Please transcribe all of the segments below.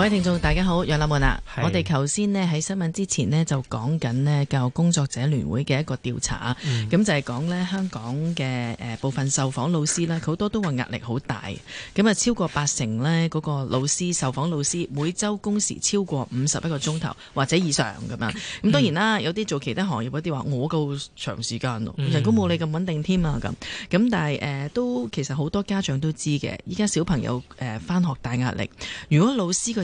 各位聽眾大家好，楊立文啊，是我哋頭先咧喺新聞之前咧就講緊咧教育工作者聯會嘅一個調查咁、嗯、就係講咧香港嘅誒部分受訪老師咧，佢好多都話壓力好大，咁啊超過八成咧嗰個老師受訪老師每周工時超過五十一個鐘頭或者以上咁樣，咁當然啦，有啲做其他行業嗰啲話我夠長時間咯，人工冇你咁穩定添啊咁，咁、嗯、但係誒都其實好多家長都知嘅，依家小朋友誒翻學大壓力，如果老師。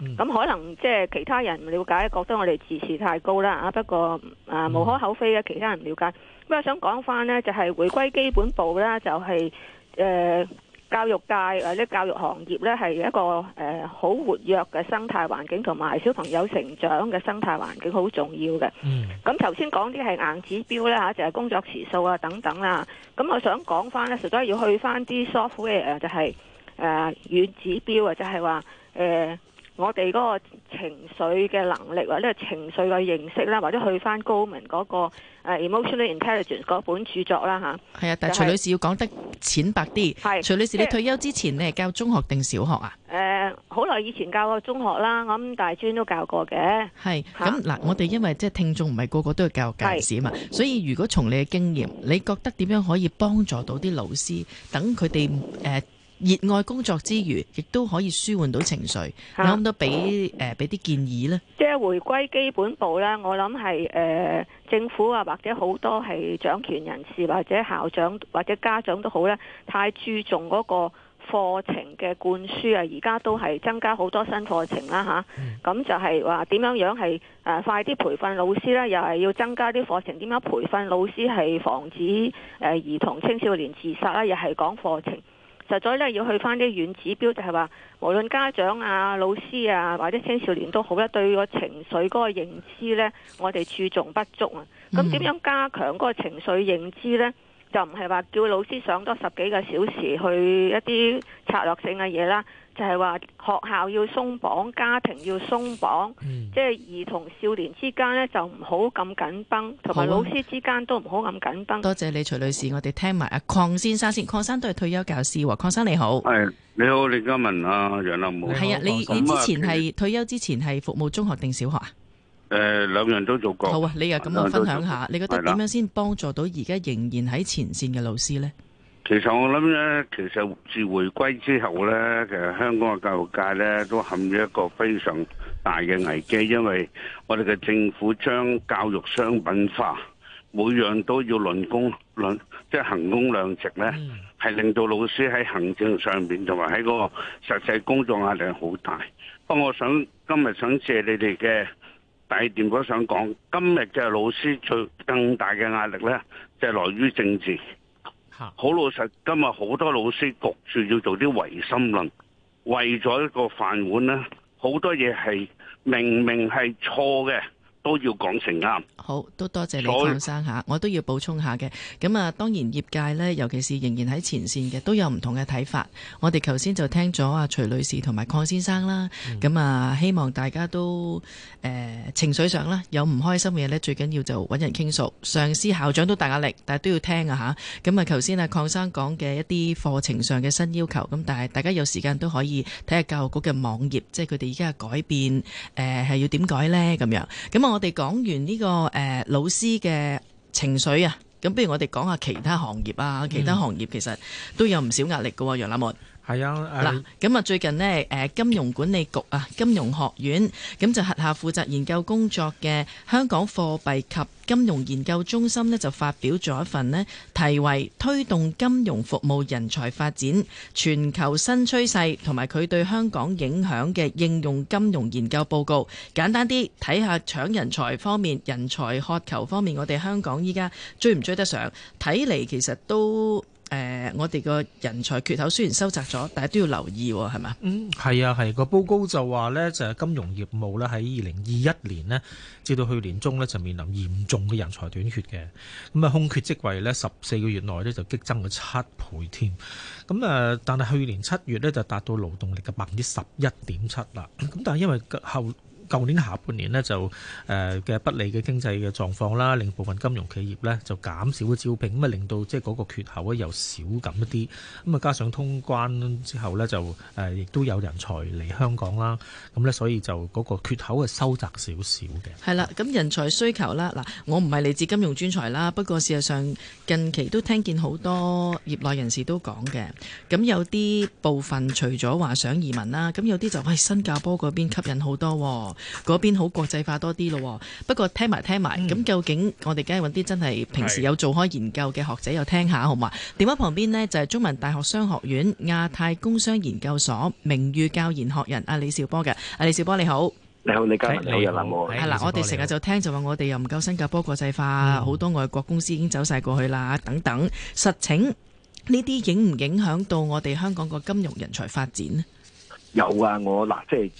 咁、嗯、可能即係其他人唔了解，覺得我哋自視太高啦啊。不過啊、呃，無可厚非嘅其他人唔了解。咁我想講翻呢，就係、是、回歸基本部啦，就係、是呃、教育界或者、呃、教育行業呢係一個好、呃、活躍嘅生態環境，同埋小朋友成長嘅生態環境好重要嘅。咁頭先講啲係硬指標啦、啊，就係、是、工作時數啊等等啦。咁我想講翻呢，實在係要去翻啲 software 就係誒軟指標啊，就係、是、話我哋嗰個情緒嘅能力或者係情緒嘅認識啦，或者去翻高曼嗰個誒 emotional intelligence 嗰本著作啦嚇。係啊，但係徐女士要講得淺白啲。係，徐女士你退休之前你係教中學定小學啊？誒，好耐以前教過中學啦，我諗大專都教過嘅。係，咁嗱，我哋因為即係聽眾唔係個個都係教育界士啊嘛，所以如果從你嘅經驗，你覺得點樣可以幫助到啲老師，等佢哋誒？熱愛工作之餘，亦都可以舒緩到情緒，啊、有冇多俾誒俾啲建議呢？即係回歸基本步呢，我諗係、呃、政府啊，或者好多係掌權人士或者校長或者家長都好咧，太注重嗰個課程嘅灌輸啊。而家都係增加好多新課程啦，吓、啊，咁、嗯、就係話、啊、點樣樣係誒快啲培訓老師咧，又係要增加啲課程，點樣培訓老師係防止誒、啊、兒童青少年自殺啦，又係講課程。實在咧要去翻啲軟指標，就係、是、話無論家長啊、老師啊或者青少年都好啦，對個情緒嗰個認知咧，我哋注重不足啊。咁點樣加強嗰個情緒認知咧？就唔係話叫老師上多十幾個小時去一啲策略性嘅嘢啦，就係、是、話學校要鬆綁，家庭要鬆綁，嗯、即係兒童少年之間咧就唔好咁緊繃，同埋老師之間都唔好咁緊繃。多謝李徐女士，我哋聽埋阿鄺先生先，鄺生都係退休教師喎，鄺生你好。係你好，李家文啊，楊立武。係啊，你你之前係退休之前係服務中學定小學啊？誒，兩樣都做過。好啊，你又咁我分享下，你覺得點樣先幫助到而家仍然喺前線嘅老師呢？其實我諗咧，其實自回歸之後咧，其實香港嘅教育界咧都陷入一個非常大嘅危機，因為我哋嘅政府將教育商品化，每樣都要輪功論，即係行工量值咧，係、嗯、令到老師喺行政上邊同埋喺嗰個實際工作壓力好大。不過我想今日想借你哋嘅。第二點我想講，今日嘅老師最更大嘅壓力呢，就係來於政治。好老實，今日好多老師焗住要做啲違心論，為咗一個飯碗呢，好多嘢係明明係錯嘅。都要講成啱。好，都多謝，謝你。李先生嚇，我都要補充下嘅。咁啊，當然業界呢，尤其是仍然喺前線嘅，都有唔同嘅睇法。我哋頭先就聽咗阿徐女士同埋鄺先生啦。咁啊，希望大家都誒、呃、情緒上啦，有唔開心嘅嘢呢，最緊要就揾人傾訴。上司校長都大壓力，但係都要聽啊吓，咁啊，頭先啊鄺生講嘅一啲課程上嘅新要求，咁但係大家有時間都可以睇下教育局嘅網頁，即係佢哋而家嘅改變係、呃、要點改呢？咁樣。咁我哋講完呢、這個誒、呃、老師嘅情緒啊，咁不如我哋講下其他行業啊，其他行業其實都有唔少壓力噶，楊立文。係啊！嗱，咁啊，最近呢，金融管理局啊，金融學院咁就轄下負責研究工作嘅香港貨幣及金融研究中心呢，就發表咗一份呢，題為推動金融服務人才發展：全球新趨勢同埋佢對香港影響嘅應用金融研究報告》。簡單啲睇下搶人才方面，人才渴求方面，我哋香港依家追唔追得上？睇嚟其實都。誒、呃，我哋個人才缺口雖然收窄咗，但係都要留意喎、哦，係咪？嗯，係啊，係個報告就話呢，就係金融業務呢，喺二零二一年呢，至到去年中呢，就面臨嚴重嘅人才短缺嘅，咁啊空缺職位呢，十四個月內呢，就激增咗七倍添，咁啊，但係去年七月呢，就達到勞動力嘅百分之十一點七啦，咁但係因為後舊年下半年呢，就誒嘅不利嘅經濟嘅狀況啦，令部分金融企業呢，就減少嘅招聘，咁啊令到即係嗰個缺口呢又少咁一啲。咁啊，加上通關之後呢，就誒亦都有人才嚟香港啦。咁呢，所以就嗰個缺口係收窄少少嘅。係啦，咁人才需求啦，嗱，我唔係嚟自金融專才啦，不過事實上近期都聽見好多業內人士都講嘅。咁有啲部分除咗話想移民啦，咁有啲就喺新加坡嗰邊吸引好多。嗰邊好國際化多啲咯，不過聽埋聽埋，咁、嗯、究竟我哋梗係揾啲真係平時有做開研究嘅學者又聽下，是好嘛？電話旁邊呢，就係、是、中文大學商學院亞太工商研究所名譽教研學人阿李兆波嘅，阿李兆波你好，你好李嘉文、欸，你好阿林浩，係啦，我哋成日就聽就話我哋又唔夠新加坡國際化，好、嗯、多外國公司已經走晒過去啦，等等，實情呢啲影唔影響到我哋香港個金融人才發展咧？有啊，我嗱即係。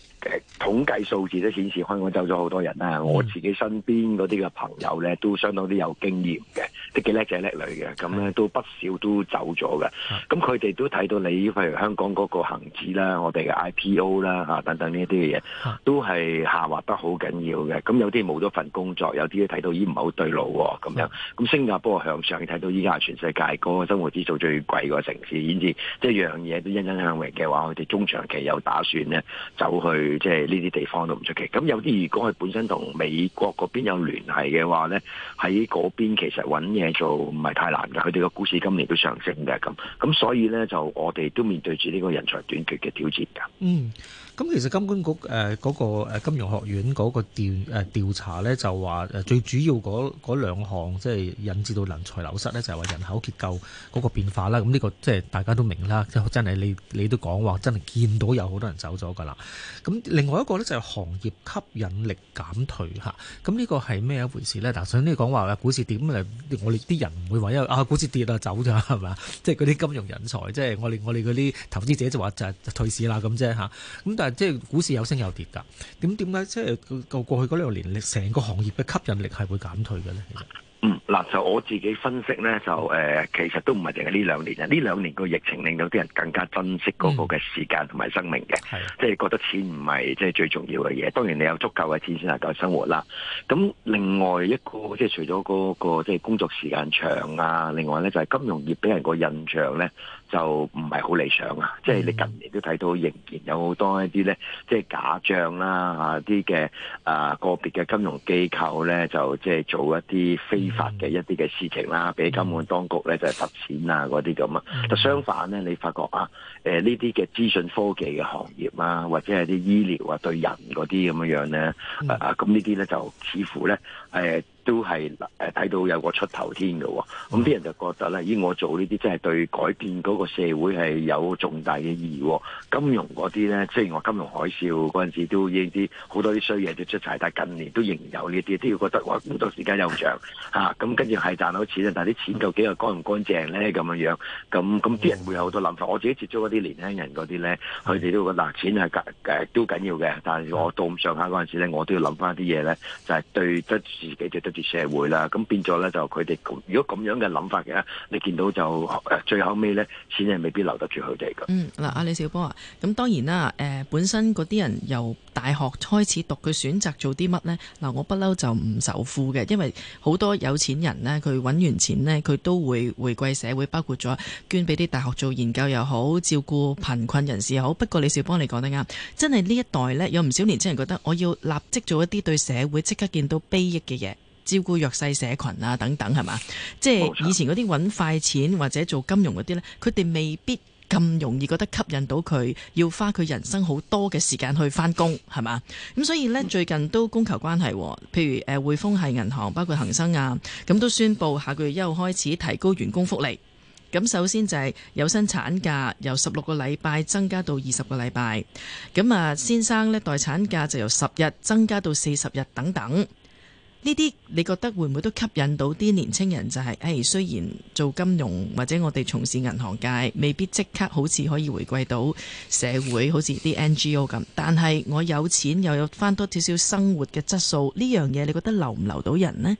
統計數字都顯示香港走咗好多人啦，我自己身邊嗰啲嘅朋友咧都相當之有經驗嘅，都幾叻仔叻女嘅，咁咧都不少都走咗嘅。咁佢哋都睇到你，譬如香港嗰個恒指啦，我哋嘅 IPO 啦，吓等等呢啲嘅嘢，都係下滑得好緊要嘅。咁有啲冇咗份工作，有啲咧睇到已經唔係好對路咁樣。咁新加坡向上，睇到依家全世界嗰個生活指數最貴個城市，顯示即係樣嘢都欣欣向榮嘅話，佢哋中長期有打算咧走去。即係呢啲地方都唔出奇，咁有啲如果佢本身同美國嗰邊有聯繫嘅話呢，喺嗰邊其實揾嘢做唔係太難噶，佢哋個股市今年都上升嘅，咁咁所以呢，就我哋都面對住呢個人才短缺嘅挑戰噶。嗯。咁其實金管局誒嗰個誒金融學院嗰個調誒調查咧，就話誒最主要嗰嗰兩項，即係引致到人才流失咧，就係話人口結構嗰個變化啦。咁呢個即係大家都明啦，即係真係你你都講話，真係見到有好多人走咗噶啦。咁另外一個咧就係行業吸引力減退嚇。咁呢個係咩一回事咧？嗱，想你講話股市點我哋啲人唔會話因為啊股市跌啊走咗係咪？即係嗰啲金融人才，即係我哋我哋嗰啲投資者就話就係退市啦咁啫嚇。咁但係。即係股市有升有跌㗎，點點解即係到過去嗰兩年力成個行業嘅吸引力係會減退嘅咧？嗯，嗱，就我自己分析咧，就誒、呃，其實都唔係淨係呢兩年啊！呢兩年個疫情令到啲人更加珍惜嗰個嘅時間同埋生命嘅，即係、嗯、覺得錢唔係即係最重要嘅嘢。當然你有足夠嘅錢先能夠生活啦。咁另外一個即係除咗嗰、那個即係、就是、工作時間長啊，另外咧就係金融業俾人個印象咧。就唔係好理想啊！即係你近年都睇到仍然有好多一啲咧，即係假象啦，嚇啲嘅啊呃個別嘅金融機構咧，就即係做一啲非法嘅一啲嘅事情啦，俾金管局咧就係罰錢啊嗰啲咁啊。但，嗯，相反咧，你發覺啊，誒呢啲嘅資訊科技嘅行業啊，或者係啲醫療啊，對人嗰啲咁樣樣咧，啊咁，嗯，呃，呢啲咧就似乎咧係。呃都係誒睇到有個出頭天嘅，咁啲人就覺得咧，依我做呢啲真係對改變嗰個社會係有重大嘅意義。金融嗰啲咧，雖然我金融海嘯嗰陣時都依啲好多啲衰嘢就出曬，但係近年都仍然有呢啲，都要覺得哇工作時間又長嚇，咁跟住係賺到錢，但係啲錢究竟係乾唔乾淨咧？咁樣樣，咁咁啲人會有好多諗法。我自己接觸嗰啲年輕人嗰啲咧，佢哋都覺得錢係緊誒都緊要嘅，但係我到咁上下嗰陣時咧，我都要諗翻啲嘢咧，就係、是、對得自己就住社會啦，咁變咗呢，就佢哋。如果咁樣嘅諗法嘅，你見到就最後尾呢，錢係未必留得住佢哋噶。嗯，嗱，阿李兆波啊，咁當然啦。誒、呃，本身嗰啲人由大學開始讀，佢選擇做啲乜呢？嗱，我不嬲就唔仇富嘅，因為好多有錢人呢，佢揾完錢呢，佢都會回饋社會，包括咗捐俾啲大學做研究又好，照顧貧困人士又好。不過李兆波你講得啱，真係呢一代呢，有唔少年青人覺得我要立即做一啲對社會即刻見到裨益嘅嘢。照顧弱勢社群啊，等等係嘛？即係以前嗰啲揾快錢或者做金融嗰啲呢，佢哋未必咁容易覺得吸引到佢，要花佢人生好多嘅時間去翻工係嘛？咁所以呢，最近都供求關係，哦，譬如誒匯豐系銀行，包括恒生啊，咁都宣布下個月一號開始提高員工福利。咁首先就係有薪產假由十六個禮拜增加到二十個禮拜。咁啊，先生呢，侍產假就由十日增加到四十日等等。呢啲你覺得會唔會都吸引到啲年青人，就係？就係誒，雖然做金融或者我哋從事銀行界，未必即刻好似可以回饋到社會，好似啲 NGO 咁。但係我有錢又有返多少少生活嘅質素，呢樣嘢你覺得留唔留到人呢？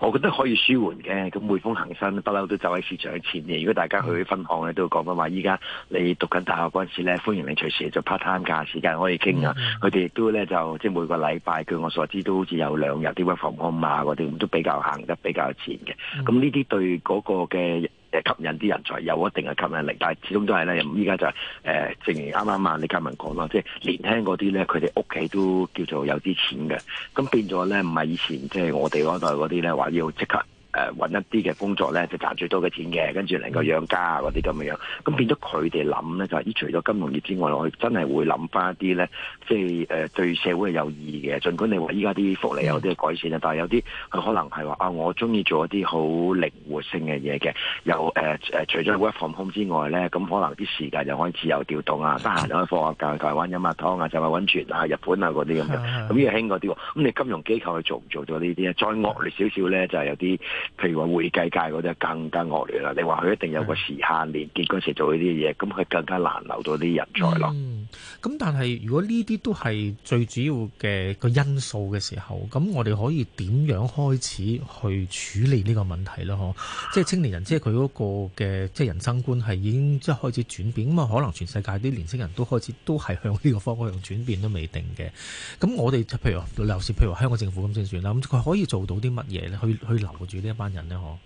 我覺得可以舒緩嘅，咁滙豐恒生不嬲都走喺市場嘅前面。如果大家去分行咧，都會講緊話，依家你讀緊大學嗰陣時咧，歡迎你隨時做 part time 㗎。時間可以傾啊。佢哋亦都咧就即每個禮拜據我所知都好似有兩日啲乜放空碼嗰啲，都比較行得比較前嘅。咁呢啲對嗰個嘅。誒吸引啲人才有一定嘅吸引力，但係始終都係咧，依家就誒係正如啱啱啊李嘉文講啦，即係年輕嗰啲咧，佢哋屋企都叫做有啲錢嘅，咁變咗咧，唔係以前即係、就是、我哋嗰代嗰啲咧話要即刻。誒揾、呃、一啲嘅工作咧，就賺最多嘅錢嘅，跟住能夠養家啊嗰啲咁嘅樣，咁變咗佢哋諗咧就係，依除咗金融業之外，我真係會諗翻一啲咧，即係誒、呃、對社會係有意嘅。儘管你話依家啲福利有啲改善啊，嗯、但係有啲佢可能係話啊，我中意做一啲好靈活性嘅嘢嘅，又誒誒除咗 work from home 之外咧，咁可能啲時間又可以自由調動啊，得閒就可以放下假，就、啊、係台灣飲下、啊、湯啊，就係溫泉啊日本啊嗰啲咁樣，咁呢個興嗰啲，咁、啊、你金融機構去做唔做到呢啲啊？再惡劣少少咧，就係、是、有啲。譬如話會計界嗰啲更加惡劣啦，你話佢一定有個時限連，年結嗰時做呢啲嘢，咁佢更加難留到啲人才咯。咁、嗯、但係如果呢啲都係最主要嘅個因素嘅時候，咁我哋可以點樣開始去處理呢個問題咧？嗬、啊，即係青年人，即係佢嗰個嘅即係人生觀係已經即係開始轉變，咁啊可能全世界啲年輕人都開始都係向呢個方向轉變都未定嘅。咁我哋譬如話樓市，譬如話香港政府咁先算啦，咁佢可以做到啲乜嘢咧？去去留住啲。一班人咧，好。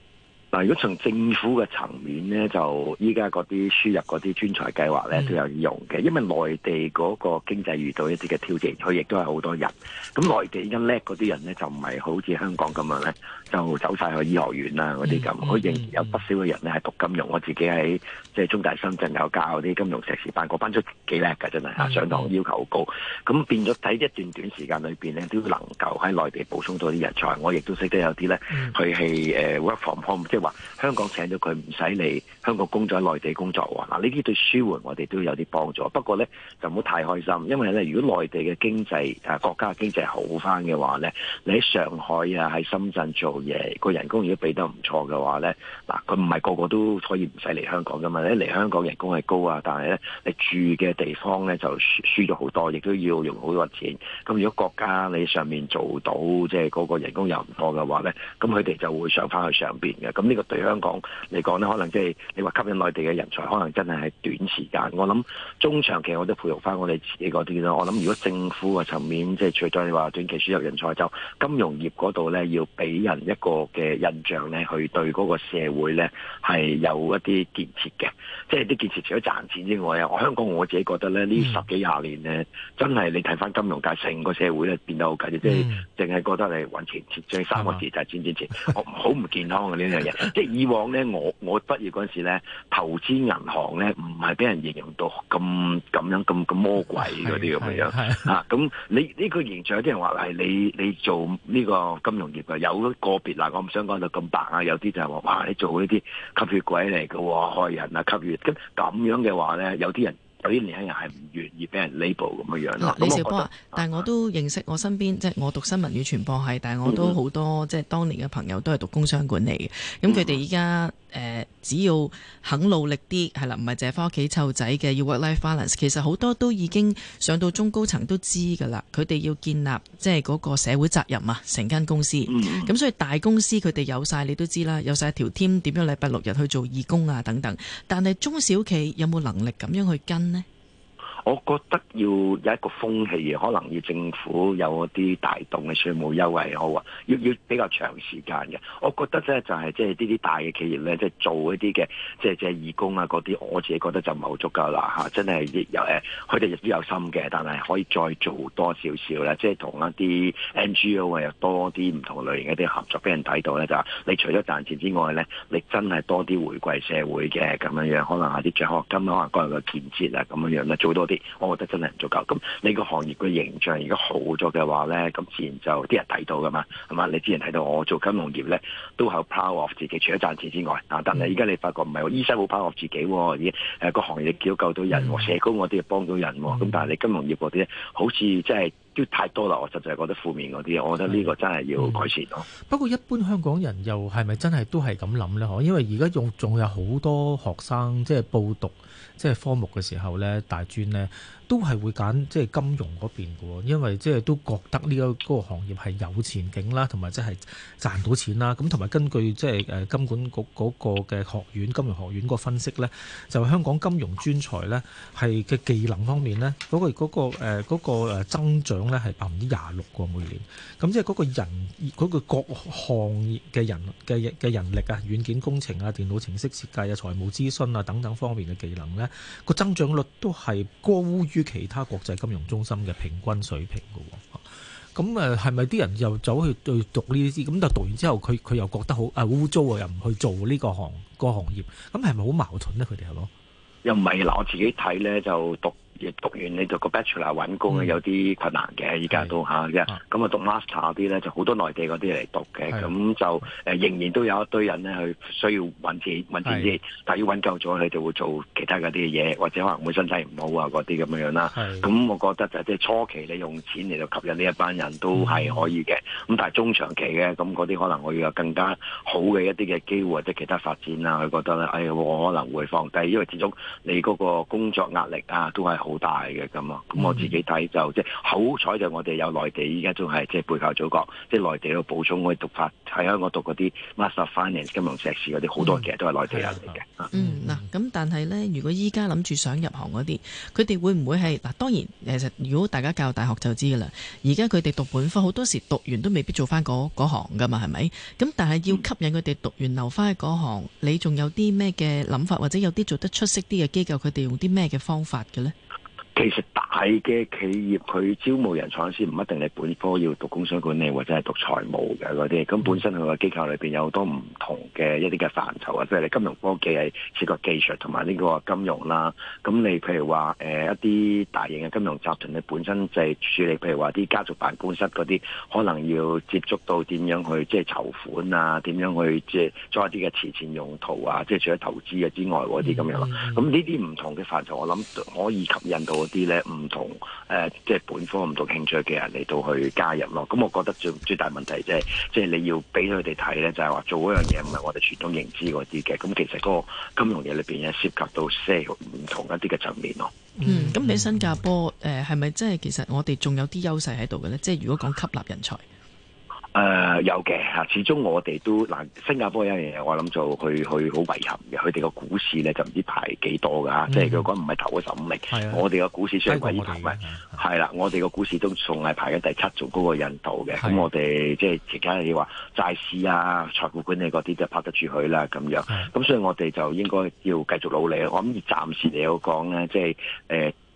如果從政府嘅層面咧，就依家嗰啲輸入嗰啲專才計劃咧，都有用嘅。嗯、因為內地嗰個經濟遇到一啲嘅挑戰，佢亦都係好多人。咁內、嗯、地依家叻嗰啲人咧，就唔係好似香港咁樣咧，就走晒去醫學院啦嗰啲咁。我、嗯嗯嗯、仍然有不少嘅人咧係讀金融，我自己喺即係中大深圳有教啲金融碩士班，嗰班都幾叻㗎，真係相、嗯、上堂要求好高。咁變咗喺一段短時間裏邊咧，都能夠喺內地補充到啲人才。我亦都識得有啲咧，佢係誒 work from home，即香港請咗佢，唔使嚟香港工作，喺內地工作喎，嗱呢啲對舒緩我哋都有啲幫助。不過咧就唔好太開心，因為咧如果內地嘅經濟、啊、國家嘅經濟好翻嘅話咧，你喺上海啊喺深圳做嘢個人工如果俾得唔錯嘅話咧，嗱佢唔係個個都可以唔使嚟香港噶嘛，你一嚟香港人工係高啊，但係咧你住嘅地方咧就輸咗好多，亦都要用好多錢。咁如果國家你上面做到即係嗰個人工又唔多嘅話咧，咁佢哋就會上翻去上邊嘅。咁呢個對香港嚟講呢，可能即係你話吸引內地嘅人才，可能、就是、的可能真係係短時間。我諗中長期我都培育翻我哋自己嗰啲啦。我諗如果政府嘅層面，即係除咗你話短期輸入人才，就金融業嗰度呢，要俾人一個嘅印象呢，去對嗰個社會呢係有一啲建設嘅。即係啲建設除咗賺錢之外啊，我香港我自己覺得呢，呢、嗯、十幾廿年呢，真係你睇翻金融界成個社會呢，變得好緊張，即係淨係覺得你揾錢、錢、錢三個字就係錢、錢、嗯、錢，好唔健康嘅呢樣嘢。 即係以往咧，我我畢業嗰陣時咧，投資銀行咧唔係俾人形容到咁咁樣咁咁魔鬼嗰啲咁樣樣咁、 啊、你呢、呢個形象有啲人話係你你做呢個金融業嘅有個別嗱，我唔想講到咁白啊。有啲就話哇、啊，你做呢啲吸血鬼嚟嘅喎，害人啊吸血。咁咁樣嘅話咧，有啲人。有啲年輕人係唔願意俾人 label 咁嘅樣。嗱，李兆波啊，啊但係我都認識我身邊，即係我讀新聞與傳播係，但係我都好多、嗯、哼即係當年嘅朋友都係讀工商管理嘅，咁佢哋依家誒。嗯只要肯努力啲，係啦，唔係淨係翻屋企湊仔嘅，要 work-life balance。其實好多都已經上到中高層都知㗎啦，佢哋要建立即係嗰個社會責任啊，成間公司。咁、mm hmm. 所以大公司佢哋有晒，你都知啦，有晒條 team，點樣禮拜六日去做義工啊等等。但係中小企有冇能力咁樣去跟呢？我覺得要有一個風氣，可能要政府有啲大動嘅稅務優惠。好啊，要要比較長時間嘅。我覺得咧就係即係啲啲大嘅企業咧，即係做一啲嘅即係即係義工啊嗰啲，我自己覺得就唔係好足夠啦嚇。真係亦有誒，佢哋亦都有心嘅，但係可以再做多少少啦，即係同一啲 NGO 啊，又多啲唔同類型一啲合作俾人睇到咧就係。你除咗賺錢之外咧，你真係多啲回饋社會嘅咁樣樣，可能係啲獎學金，可能個人嘅建設啊咁樣樣咧，做多啲。我覺得真係唔足夠，咁你個行業嘅形象而家好咗嘅話咧，咁自然就啲人睇到噶嘛，係嘛？你自然睇到我做金融業咧都有 proud of 自己，除咗賺錢之外，但係而家你發覺唔係話醫生好 proud of 自己喎，已經個行業你救救到人，社工我都幫到人，咁、mm hmm. 但係你金融業嗰啲好似即係。都太多啦！我實在係覺得負面嗰啲，我覺得呢個真係要改善咯、嗯。不過一般香港人又係咪真係都係咁諗呢？因為而家用仲有好多學生即係、就是、報讀即係科目嘅時候呢，大專呢都係會揀即係金融嗰邊喎，因為即係都覺得呢個嗰個行業係有前景啦，同埋即係賺到錢啦。咁同埋根據即係誒金管局嗰個嘅學院金融學院個分析呢，就是、香港金融專才呢係嘅技能方面呢，嗰、那個嗰、那個誒嗰、那個增長，咧係百分之廿六個每年，咁即係嗰個人嗰、嗰個各項嘅人嘅嘅人力啊、軟件工程啊、電腦程式設計啊、財務諮詢啊等等方面嘅技能呢，個增長率都係高於其他國際金融中心嘅平均水平噶。咁啊，係咪啲人又走去讀呢啲？咁但係讀完之後，佢佢又覺得好啊污糟啊，又唔去做呢個行、嗰個行業，咁係咪好矛盾呢？佢哋係咯？係咪又唔係嗱，我自己睇呢就讀。亦讀完你就個 bachelor 揾工，嗯、有啲困難嘅，依家都嚇啫。咁是啊、嗯、讀 master 啲咧就好多內地嗰啲嚟讀嘅，咁是就誒是仍然都有一堆人咧去需要揾錢揾錢先。但係要揾夠咗，你就會做其他嗰啲嘢，或者可能會身體唔好啊嗰啲咁樣樣啦。咁是我覺得就即係初期你用錢嚟到吸引呢一班人都係可以嘅。咁、嗯、但係中長期嘅，咁嗰啲可能我要有更加好嘅一啲嘅機會或者其他發展啊，佢覺得咧，哎我可能會放低，因為始終你嗰個工作壓力啊都係。好大嘅咁啊！咁我自己睇、嗯、就即係好彩，就我哋有內地，依家都係即係背靠祖國，即係內地去補充我哋讀法喺香港讀嗰啲 master finance 金融碩士嗰啲好多嘅都係內地人嚟嘅。嗯，嗱，咁、嗯嗯、但係呢，如果依家諗住想入行嗰啲，佢哋會唔會係嗱？當然，其實如果大家教大學就知啦。而家佢哋讀本科，好多時讀完都未必做翻嗰、那個那個、行噶嘛，係咪？咁但係要吸引佢哋讀完留翻去嗰行，嗯、你仲有啲咩嘅諗法，或者有啲做得出色啲嘅機構，佢哋用啲咩嘅方法嘅呢？其實大嘅企業佢招募人創先，唔一定係本科要讀工商管理或者係讀財務嘅嗰啲，咁本身佢個機構裏面有好多唔同嘅一啲嘅範疇啊，即係你金融科技係涉及技術同埋呢個金融啦。咁你譬如話一啲大型嘅金融集團，你本身就係處理譬如話啲家族辦公室嗰啲，可能要接觸到點樣去即係籌款啊，點樣去即係做一啲嘅慈善用途啊，即係除咗投資嘅之外嗰啲咁樣囉。咁呢啲唔同嘅範疇，我諗可以吸引到。啲咧唔同誒、呃，即係本科唔同興趣嘅人嚟到去加入咯。咁我覺得最最大問題即係，即係你要俾佢哋睇咧，就係話做嗰樣嘢唔係我哋傳統認知嗰啲嘅。咁其實個金融嘢裏邊有涉及到些唔同一啲嘅層面咯。嗯，咁喺新加坡誒，係咪即係其實我哋仲有啲優勢喺度嘅咧？即係如果講吸納人才？誒、呃、有嘅嚇，始終我哋都嗱新加坡有一樣嘢，我諗就去去好遺憾嘅，佢哋個股市咧就唔知排幾多噶嚇，嗯、即係佢講唔係頭嗰十五名，的我哋個股市上對嚟講係，係啦的的，我哋個股市都仲係排緊第七，仲高過印度嘅，咁的我哋的即係而家你話債市啊、財富管理嗰啲就拍得住佢啦咁樣，咁的所以我哋就應該要繼續努力。我諗暫時嚟講咧，即係誒。呃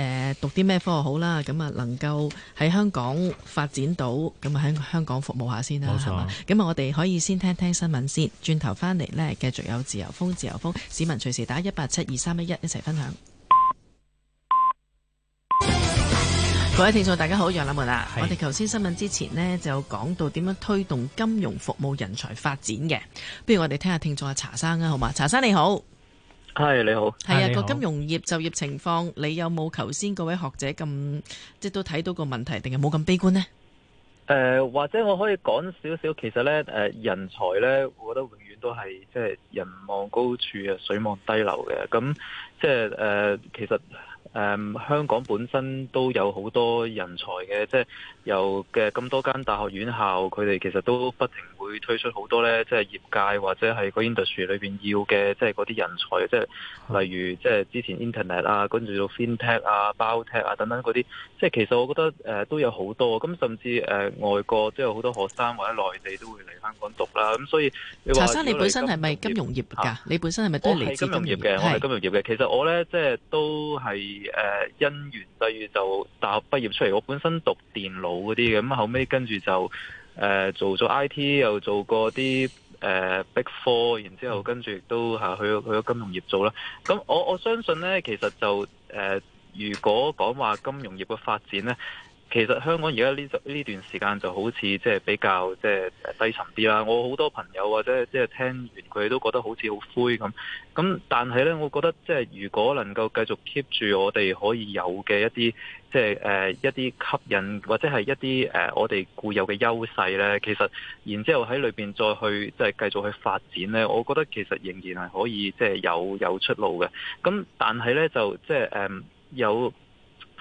誒讀啲咩科好啦，咁啊能夠喺香港發展到，咁啊喺香港服務下先啦，咁啊，我哋可以先聽聽新聞先，轉頭翻嚟呢，繼續有自由風，自由風，市民隨時打 1, 8, 7, 2, 3, 1, 一八七二三一一一齊分享。是各位聽眾，大家好，楊柳文啊，是我哋頭先新聞之前呢，就講講到點樣推動金融服務人才發展嘅，不如我哋聽下聽眾阿查生啊，好嘛？查生你好。係你好，係啊，個金融業就業情況，你有冇頭先嗰位學者咁，即係都睇到個問題，定係冇咁悲觀呢？誒、呃，或者我可以講少少，其實咧，誒、呃，人才咧，我覺得永遠都係即係人望高處啊，水望低流嘅。咁即係誒、呃，其實誒、呃，香港本身都有好多人才嘅，即係。有嘅咁多間大學院校，佢哋其實都不停會推出好多咧，即係業界或者係個 industry 裏面要嘅，即係嗰啲人才，即係例如即係之前 internet 啊，跟住到 fintech 啊、包 tech 啊，啊等等嗰啲。即係其實我覺得、呃、都有好多，咁甚至誒、呃、外國都有好多學生或者內地都會嚟香港讀啦。咁、啊、所以你，查生你本身係咪金融業㗎？你本身係咪都係嚟自金融業嘅？我係金融業嘅是。其實我咧即係都係、呃、因緣際遇就大學畢業出嚟，我本身讀電腦。好啲嘅，咁後尾跟住就、呃、做咗 IT，又做過啲誒、呃、Big Four 然之後跟住亦都去去咗金融業做啦。咁我我相信呢，其實就、呃、如果講話金融業嘅發展呢，其實香港而家呢呢段時間就好似即係比較即係低沉啲啦。我好多朋友或者即係聽完佢都覺得好似好灰咁。咁但係呢，我覺得即係如果能夠繼續 keep 住我哋可以有嘅一啲。即係誒，一啲吸引或者係一啲誒，我哋固有嘅優勢呢，其實然之後喺裏邊再去即係繼續去發展呢，我覺得其實仍然係可以即係、即係、有有出路嘅。咁但係呢，就即係誒，有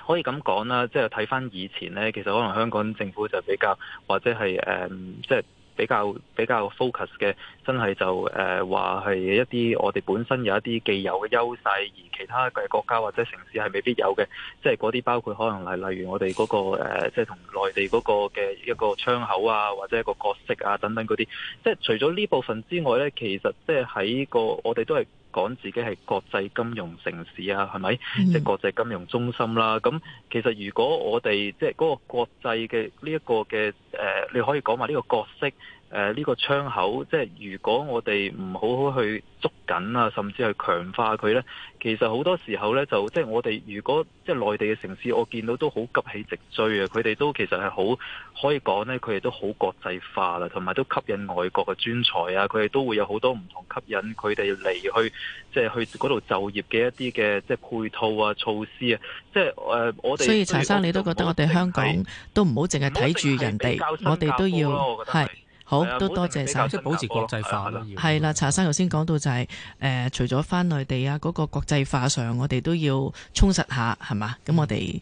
可以咁講啦，即係睇返以前呢，其實可能香港政府就比較或者係誒，即、嗯、係。即係比較比較 focus 嘅，真係就誒話係一啲我哋本身有一啲既有嘅優勢，而其他嘅國家或者城市係未必有嘅，即係嗰啲包括可能係例如我哋嗰個誒，即係同內地嗰個嘅一個窗口啊，或者一個角色啊等等嗰啲，即係除咗呢部分之外呢，其實即係喺個我哋都係。講自己係國際金融城市啊，係咪？即係、mm hmm. 國際金融中心啦。咁其實如果我哋即係嗰個國際嘅呢一個嘅誒，你可以講話呢個角色。誒呢個窗口，即係如果我哋唔好好去捉緊啊，甚至係強化佢呢，其實好多時候呢，就即係我哋如果即係內地嘅城市，我見到都好急起直追啊。佢哋都其實係好可以講呢，佢哋都好國際化啦，同埋都吸引外國嘅專才啊。佢哋都會有好多唔同吸引佢哋嚟去，即係去嗰度就業嘅一啲嘅即係配套啊、措施啊。即係我哋所以陳生，你都覺得我哋沒 香港都唔好淨係睇住人哋，我哋都要好，都多謝晒。即保持國際化啦，係啦、哦。查、哎、要生頭先講到就係、是、誒、呃，除咗返內地啊，嗰、那個國際化上，我哋都要充實下，係嘛？咁我哋。嗯